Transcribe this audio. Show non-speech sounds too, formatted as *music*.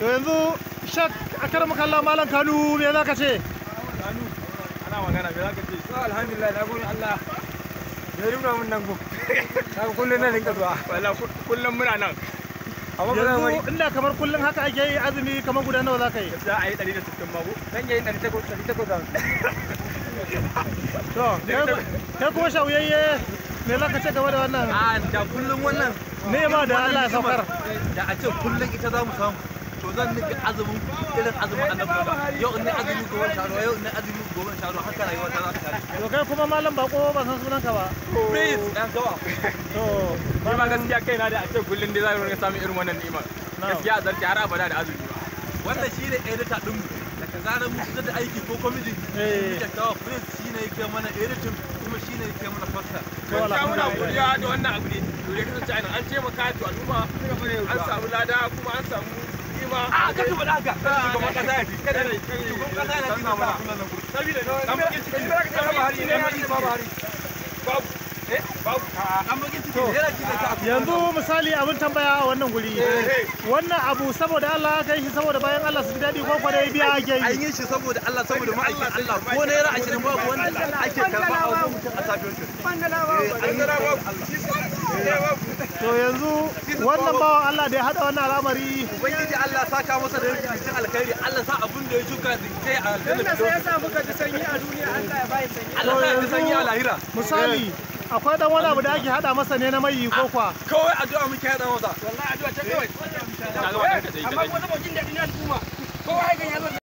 to yanzu shak akaramaka Allah malam Kanu me za ka ce Kanu ana magana me za ka ce to alhamdulillah na gode Allah ya nuna mun nan go *laughs* ka kullun nan rinka zuwa wallahi kullun muna nan Amma ba yanzu inda kamar kullun haka ake yi azumi kamar guda nawa za ka yi za a yi 160 mago dan yayi 180 to kai kuma shawuyayye me za ka ce game da wannan a ah, da kullun wannan ne ma da Allah ya saukar da a ce kullun ita za mu samu zan nika azumin irin azumin annabi yau in ni azumin gobe sha ruwa yau in ni azumin gobe sha ruwa haka rayuwa ta za ta kare to kai kuma malam bako ba san sunan ka ba please dan gawa to ni ma gaskiya na da a ce kullun dai za mu samu irin wannan ni'imar gaskiya a zarce har abada da azumi ba wannan ne edita din mu daga zarar mun fitar da aiki ko komedi da kawo shi ne yake mana editing kuma ne yake mana fasta gaskiya muna godiya da wannan abu ne to dai kasance an taimaka to al'umma an samu lada kuma an samu yanzu misali abin tambaya a wannan guri eh, eh, eh. wannan abu saboda Allah ka yi shi saboda bayan Allah su ji dadi ko kwarai biya ake yi an yi shi saboda Allah saboda ma'aikin Allah ko babu wanda ake karba a wajen mutum a safiyar shi to yanzu wannan bawa Allah da ya hada wannan al'amari ubangiji Allah saka masa da rikin alkhairi Allah sa abun da ya shuka zai a Allah sai ya sa muka ji sanyi a duniya Allah ya bayi sanyi Allah ya sanyi a lahira misali akwai dan wani abu da ake hada masa ne na mai ko kwa ah, kawai addu'a muke hada masa wallahi addu'a kawai eh, amma wani da kuma kowa ya